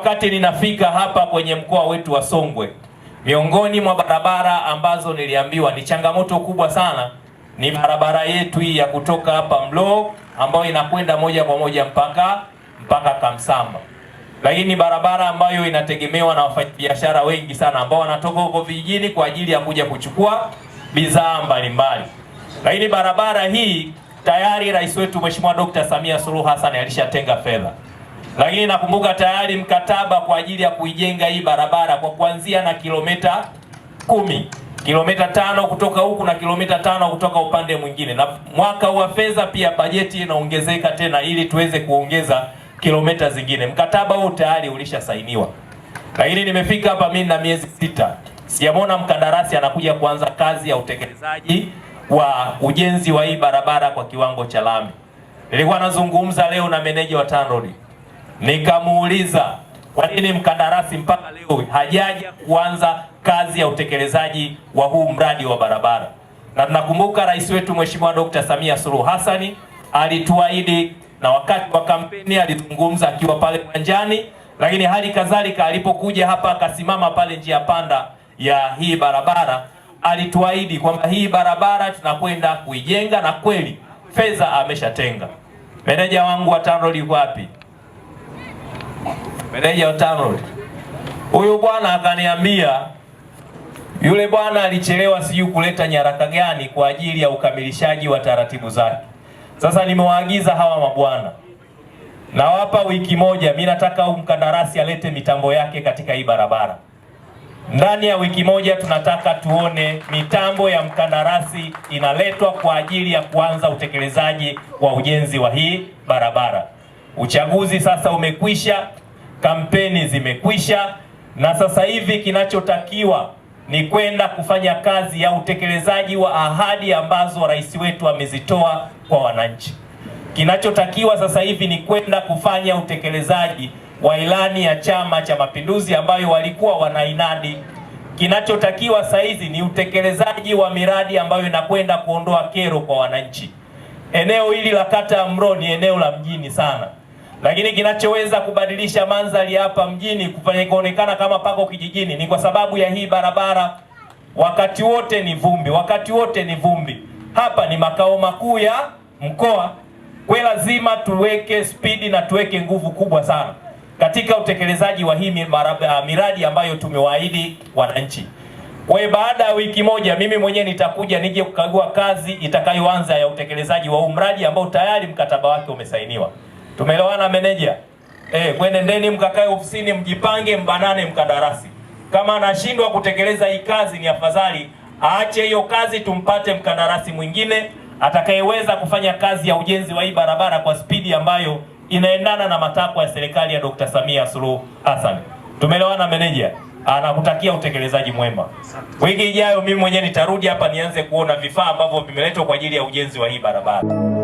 Wakati ninafika hapa kwenye mkoa wetu wa Songwe, miongoni mwa barabara ambazo niliambiwa ni changamoto kubwa sana ni barabara yetu hii ya kutoka hapa Mloo ambayo inakwenda moja kwa moja mpaka mpaka Kamsamba, lakini barabara ambayo inategemewa na wafanyabiashara wengi sana ambao wanatoka huko vijijini kwa ajili ya kuja kuchukua bidhaa mbalimbali. Lakini barabara hii tayari rais wetu Mheshimiwa Dr. Samia Suluhu Hassan alishatenga fedha lakini nakumbuka tayari mkataba kwa ajili ya kuijenga hii barabara kwa kuanzia na kilomita kumi kilomita tano kutoka huku na kilomita tano kutoka upande mwingine, na mwaka wa fedha pia bajeti inaongezeka tena ili tuweze kuongeza kilomita zingine. Mkataba huu tayari ulishasainiwa, lakini nimefika hapa mimi na miezi sita sijamwona mkandarasi anakuja kuanza kazi ya utekelezaji wa ujenzi wa hii barabara kwa kiwango cha lami. Nilikuwa nazungumza leo na meneja wa TANROADS nikamuuliza kwa nini mkandarasi mpaka leo hajaja kuanza kazi ya utekelezaji wa huu mradi wa barabara. Na tunakumbuka rais wetu Mheshimiwa Dr. Samia Suluhu Hassani alituahidi, na wakati wa kampeni alizungumza akiwa pale uwanjani, lakini hali kadhalika alipokuja hapa akasimama pale njia panda ya hii barabara alituahidi kwamba hii barabara tunakwenda kuijenga, na kweli fedha ameshatenga. Meneja wangu wa TANROADS yuko wapi? Meneja wa TANROADS. Huyu bwana akaniambia yule bwana alichelewa sijui kuleta nyaraka gani kwa ajili ya ukamilishaji wa taratibu zake. Sasa nimewaagiza hawa mabwana, nawapa wiki moja. Mimi nataka huyu mkandarasi alete mitambo yake katika hii barabara. Ndani ya wiki moja tunataka tuone mitambo ya mkandarasi inaletwa kwa ajili ya kuanza utekelezaji wa ujenzi wa hii barabara. Uchaguzi sasa umekwisha kampeni zimekwisha, na sasa hivi kinachotakiwa ni kwenda kufanya kazi ya utekelezaji wa ahadi ambazo rais wetu amezitoa kwa wananchi. Kinachotakiwa sasa hivi ni kwenda kufanya utekelezaji wa ilani ya Chama cha Mapinduzi ambayo walikuwa wanainadi. Kinachotakiwa sasa hizi ni utekelezaji wa miradi ambayo inakwenda kuondoa kero kwa wananchi. Eneo hili la kata ya Mro ni eneo la mjini sana. Lakini kinachoweza kubadilisha mandhari hapa mjini kufanya ikaonekana kama pako kijijini ni kwa sababu ya hii barabara. Wakati wote ni vumbi, wakati wote ni vumbi. Hapa ni makao makuu ya mkoa, kwa lazima tuweke spidi na tuweke nguvu kubwa sana katika utekelezaji wa hii ah, miradi ambayo tumewaahidi wananchi. Kwa hiyo baada ya wiki moja mimi mwenyewe nitakuja nije kukagua kazi itakayoanza ya utekelezaji wa huu mradi ambao tayari mkataba wake umesainiwa. Tumeelewana meneja? Eh, kwenendeni mkakae ofisini mjipange mbanane mkandarasi. Kama anashindwa kutekeleza hii kazi ni afadhali aache hiyo kazi tumpate mkandarasi mwingine atakayeweza kufanya kazi ya ujenzi wa hii barabara kwa spidi ambayo inaendana na matakwa ya serikali ya Dr. Samia Suluhu Hassan. Tumeelewana meneja? Anakutakia utekelezaji mwema. Wiki ijayo mimi mwenyewe nitarudi hapa nianze kuona vifaa ambavyo vimeletwa kwa ajili ya ujenzi wa hii barabara.